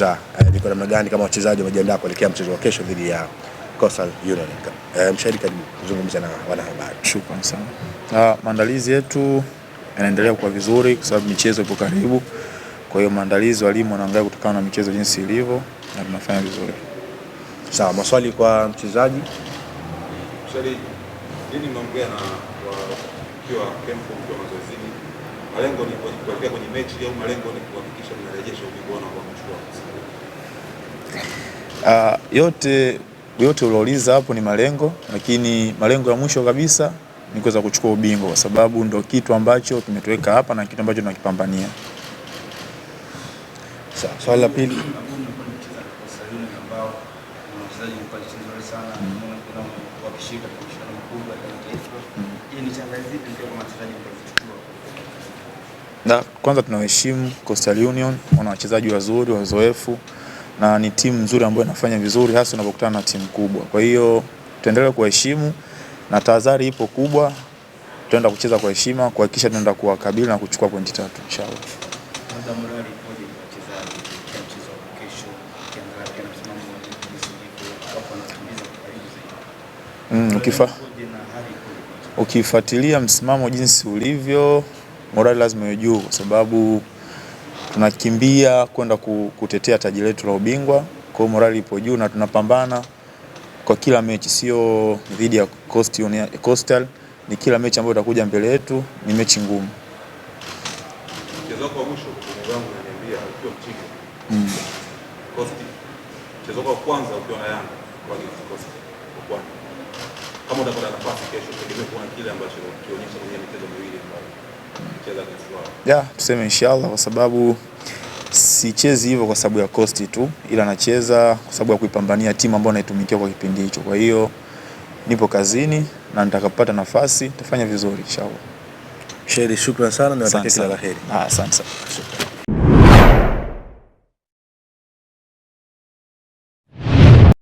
Uh, niko namna gani kama wachezaji wamejiandaa kuelekea mchezo wa kesho dhidi ya Coastal Union. Eh, mshahidi karibu kuzungumza na wanahabari. Shukrani sana. Uh, maandalizi yetu yanaendelea kuwa vizuri kwa sababu michezo ipo karibu, kwa hiyo maandalizi walimu wanaangalia kutokana na michezo jinsi ilivyo na tunafanya vizuri. Sawa, maswali kwa mchezaji Mshairi, nini mnaongea na wakiwa kempu kwa mazoezi malengo ni kuelekea kwenye mechi au malengo ni kuhakikisha mnarejesha ubingwa wenu kwa kuchukua? Uh, ah, yote yote uliouliza hapo ni malengo, lakini malengo ya mwisho kabisa ni kuweza kuchukua ubingwa, kwa sababu ndo kitu ambacho kimetuweka hapa na kitu ambacho tunakipambania. Swali la pili na kwanza tunaheshimu Coastal Union, wana wachezaji wazuri wazoefu, na ni timu nzuri ambayo inafanya vizuri hasa unapokutana na timu kubwa. Kwa hiyo tuendelee kuwaheshimu na tahadhari ipo kubwa, tutaenda kucheza kwa heshima kuhakikisha tunaenda kuwakabili na kuchukua pointi tatu inshallah. Mm, ukifuatilia msimamo jinsi ulivyo morali lazima iwe juu, kwa sababu tunakimbia kwenda kutetea taji letu la ubingwa. Kwa hiyo morali ipo juu na tunapambana kwa kila mechi, sio dhidi ya Coastal. Ni kila mechi ambayo itakuja mbele yetu ni mechi ngumu. Mm. Kama utapata nafasi kesho, tegemea kuona kile ambacho kionyesha kwenye michezo miwili ambayo Yeah, tuseme inshallah kwa sababu sichezi hivyo kwa sababu ya kosti tu, ila nacheza kwa sababu ya kuipambania timu ambayo naitumikia kwa kipindi hicho. Kwa hiyo nipo kazini na nitakapata nafasi nitafanya vizuri inshallah. Sheri, shukrani sana na kila la heri. Ah, asante sana.